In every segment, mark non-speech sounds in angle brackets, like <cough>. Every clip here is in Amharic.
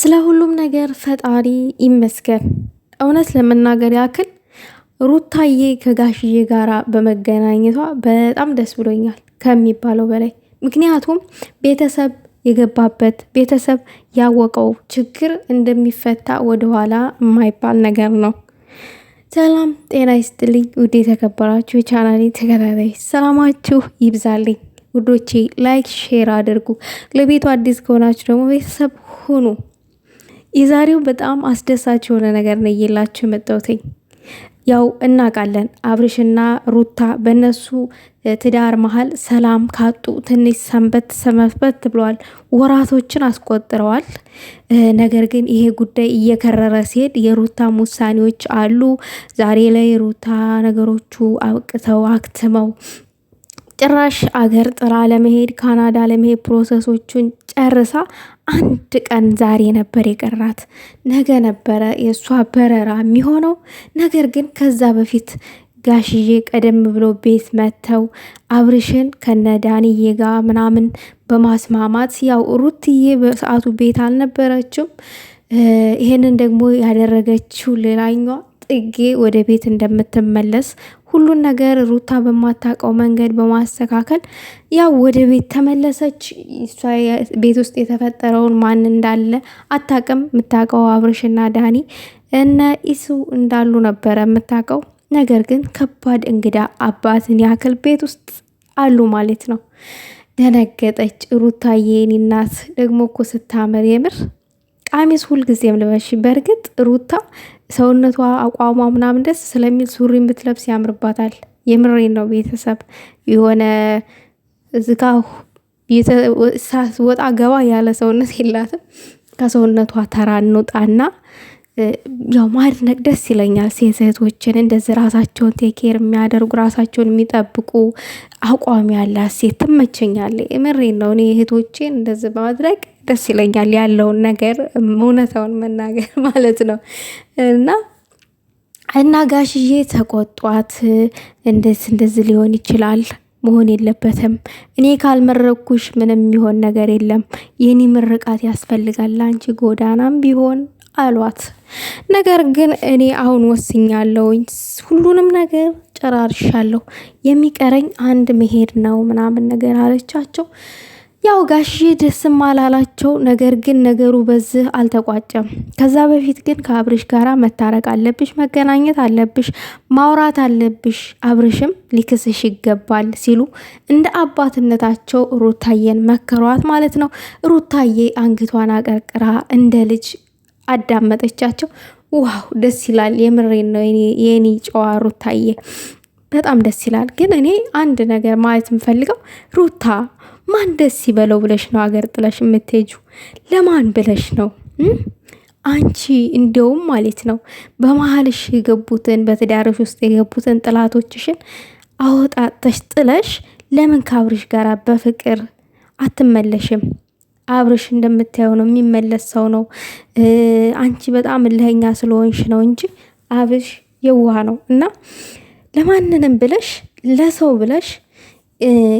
ስለ ሁሉም ነገር ፈጣሪ ይመስገን። እውነት ለመናገር ያክል ሩታዬ ከጋሽዬ ጋር በመገናኘቷ በጣም ደስ ብሎኛል ከሚባለው በላይ ምክንያቱም ቤተሰብ የገባበት ቤተሰብ ያወቀው ችግር እንደሚፈታ ወደኋላ የማይባል ነገር ነው። ሰላም ጤና ይስጥልኝ ውድ የተከበራችሁ የቻናሌ ተከታታይ ሰላማችሁ ይብዛልኝ ውዶቼ። ላይክ ሼር አድርጉ። ለቤቱ አዲስ ከሆናችሁ ደግሞ ቤተሰብ ሁኑ። የዛሬው በጣም አስደሳች የሆነ ነገር ነው እየላችሁ የመጣሁትኝ። ያው እናውቃለን አብርሽና ሩታ በእነሱ ትዳር መሀል ሰላም ካጡ ትንሽ ሰንበት ሰመበት ብለዋል፣ ወራቶችን አስቆጥረዋል። ነገር ግን ይሄ ጉዳይ እየከረረ ሲሄድ የሩታም ውሳኔዎች አሉ። ዛሬ ላይ ሩታ ነገሮቹ አብቅተው አክትመው ጭራሽ አገር ጥራ ለመሄድ ካናዳ ለመሄድ ፕሮሰሶቹን ጨርሳ አንድ ቀን ዛሬ ነበር የቀራት። ነገ ነበረ የእሷ በረራ የሚሆነው። ነገር ግን ከዛ በፊት ጋሽዬ ቀደም ብሎ ቤት መጥተው አብርሽን ከነ ዳንዬ ጋር ምናምን በማስማማት ያው ሩትዬ በሰዓቱ ቤት አልነበረችም። ይሄንን ደግሞ ያደረገችው ሌላኛዋ ጥጌ ወደ ቤት እንደምትመለስ ሁሉን ነገር ሩታ በማታውቀው መንገድ በማስተካከል ያው ወደ ቤት ተመለሰች። እሷ ቤት ውስጥ የተፈጠረውን ማን እንዳለ አታውቅም። የምታውቀው አብርሽና ዳኒ እነ ኢሱ እንዳሉ ነበረ የምታውቀው። ነገር ግን ከባድ እንግዳ አባትን ያክል ቤት ውስጥ አሉ ማለት ነው። ደነገጠች ሩታዬ። እኔ እናት ደግሞ እኮ ስታምር የምር ቀሚስ ሁልጊዜም ልበሽ። በእርግጥ ሩታ ሰውነቷ አቋሟ ምናምን ደስ ስለሚል ሱሪ የምትለብስ ያምርባታል። የምሬን ነው። ቤተሰብ የሆነ እዚጋ ወጣ ገባ ያለ ሰውነት የላትም። ከሰውነቷ ተራ እንውጣና ያው ማድነቅ ደስ ይለኛል። ሴት እህቶችን እንደዚህ ራሳቸውን ቴኬር የሚያደርጉ ራሳቸውን የሚጠብቁ አቋም ያላት ሴት ትመቸኛለች። የምሬን ነው። እኔ እህቶችን እንደዚህ በማድረግ ደስ ይለኛል። ያለውን ነገር እውነታውን መናገር <laughs> ማለት ነው እና እና ጋሽዬ ተቆጧት። እንደዚህ እንደዚህ ሊሆን ይችላል መሆን የለበትም። እኔ ካልመረኩሽ ምንም የሚሆን ነገር የለም። የኔ ምርቃት ያስፈልጋል። አንቺ ጎዳናም ቢሆን አሏት። ነገር ግን እኔ አሁን ወስኛለሁኝ፣ ሁሉንም ነገር ጨራርሻለሁ፣ የሚቀረኝ አንድ መሄድ ነው ምናምን ነገር አለቻቸው። ያው ጋሼ ደስም አላላቸው። ነገር ግን ነገሩ በዚህ አልተቋጨም። ከዛ በፊት ግን ከአብርሽ ጋራ መታረቅ አለብሽ፣ መገናኘት አለብሽ፣ ማውራት አለብሽ፣ አብርሽም ሊክስሽ ይገባል ሲሉ እንደ አባትነታቸው ሩታዬን መከሯት ማለት ነው። ሩታዬ አንግቷን አቀርቅራ እንደ ልጅ አዳመጠቻቸው። ዋው ደስ ይላል። የምሬን ነው የኔ ጨዋ ሩታዬ፣ በጣም ደስ ይላል። ግን እኔ አንድ ነገር ማለት የምፈልገው ሩታ ማን ደስ ይበለው ብለሽ ነው አገር ጥለሽ የምትሄጁ? ለማን ብለሽ ነው? አንቺ እንደውም ማለት ነው በመሀልሽ የገቡትን በትዳርሽ ውስጥ የገቡትን ጥላቶችሽን አወጣጠሽ ጥለሽ ለምን ካብርሽ ጋር በፍቅር አትመለሽም? አብርሽ እንደምታየው ነው የሚመለስ ሰው ነው። አንቺ በጣም እልህኛ ስለሆንሽ ነው እንጂ አብርሽ የዋህ ነው እና ለማንንም ብለሽ ለሰው ብለሽ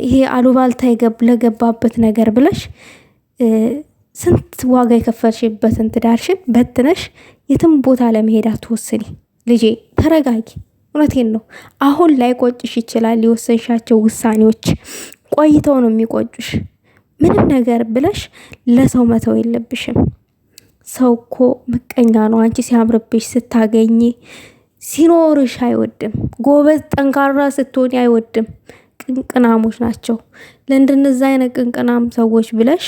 ይሄ አሉባልታ ለገባበት ነገር ብለሽ ስንት ዋጋ የከፈልሽበትን ትዳርሽን በትነሽ የትም ቦታ ለመሄድ አትወስኒ ልጄ፣ ተረጋጊ። እውነቴን ነው። አሁን ላይ ቆጭሽ ይችላል የወሰንሻቸው ውሳኔዎች ቆይተው ነው የሚቆጩሽ። ምንም ነገር ብለሽ ለሰው መተው የለብሽም። ሰው እኮ ምቀኛ ነው። አንቺ ሲያምርብሽ ስታገኝ ሲኖርሽ አይወድም። ጎበዝ ጠንካራ ስትሆን አይወድም። ቅንቅናሞች ናቸው። ለእንደነዛ አይነት ቅንቅናም ሰዎች ብለሽ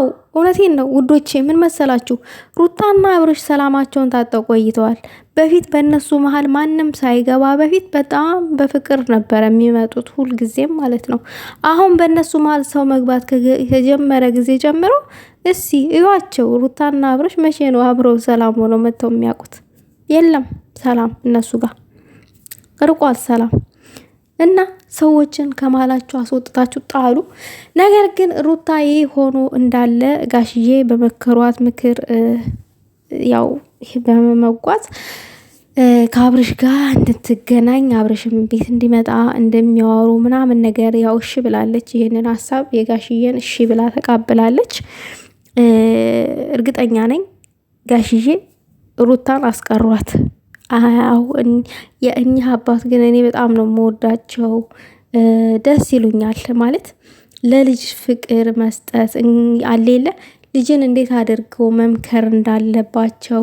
አዎ እውነቴን ነው ውዶቼ። ምን መሰላችሁ ሩታና አብርሽ ሰላማቸውን ታጠው ቆይተዋል። በፊት በእነሱ መሀል ማንም ሳይገባ በፊት በጣም በፍቅር ነበር የሚመጡት ሁልጊዜም ማለት ነው። አሁን በእነሱ መሀል ሰው መግባት ከጀመረ ጊዜ ጀምሮ እሲ እዩዋቸው ሩታና አብርሽ መቼ ነው አብረው ሰላም ሆነው መጥተው የሚያውቁት? የለም ሰላም እነሱ ጋር ርቋል ሰላም እና ሰዎችን ከማላችሁ አስወጥታችሁ ጣሉ። ነገር ግን ሩታ ይህ ሆኖ እንዳለ ጋሽዬ በመከሯት ምክር ያው በመጓዝ ከአብርሽ ጋር እንድትገናኝ አብርሽም ቤት እንዲመጣ እንደሚያወሩ ምናምን ነገር ያው እሺ ብላለች። ይህንን ሀሳብ የጋሽዬን እሺ ብላ ተቃብላለች። እርግጠኛ ነኝ ጋሽዬ ሩታን አስቀሯት። አሁን የእኚህ አባት ግን እኔ በጣም ነው የምወዳቸው፣ ደስ ይሉኛል። ማለት ለልጅ ፍቅር መስጠት አሌለ ልጅን እንዴት አድርገው መምከር እንዳለባቸው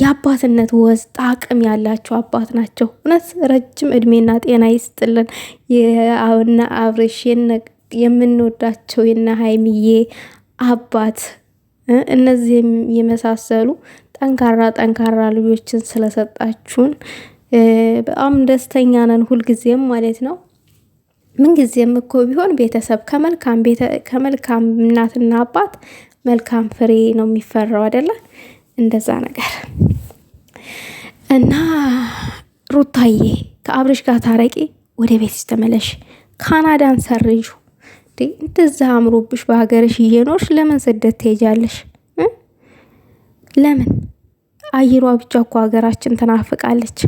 የአባትነት ወዝ አቅም ያላቸው አባት ናቸው። እውነት ረጅም እድሜና ጤና ይስጥልን። የአብና አብርሽ የምንወዳቸው የነ ሀይሚዬ አባት እነዚህ የመሳሰሉ ጠንካራ ጠንካራ ልጆችን ስለሰጣችሁን በጣም ደስተኛ ነን ሁልጊዜም ማለት ነው። ምንጊዜም እኮ ቢሆን ቤተሰብ ከመልካም እናትና አባት መልካም ፍሬ ነው የሚፈራው አይደለ? እንደዛ ነገር እና ሩታዬ ከአብርሽ ጋር ታረቂ፣ ወደ ቤትሽ ተመለሽ፣ ካናዳን ሰርዥ። እንደዛ አምሮብሽ በሀገርሽ እየኖርሽ ለምን ስደት ትሄጃለሽ? ለምን አየሯ ብቻ እኮ ሀገራችን ትናፍቃለች።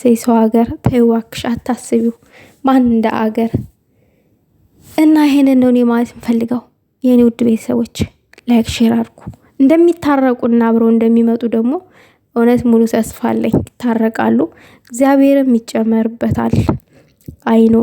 ሴ ሰው ሀገር ተይዋክሽ አታስቢው ማን እንደ አገር እና ይሄንን ነው እኔ ማለት እንፈልገው የእኔ ውድ ቤተሰቦች ላይክ ሼር አድርጉ። እንደሚታረቁና አብረው እንደሚመጡ ደግሞ እውነት ሙሉ ተስፋ አለኝ። ይታረቃሉ፣ እግዚአብሔርም ይጨመርበታል። አይኖ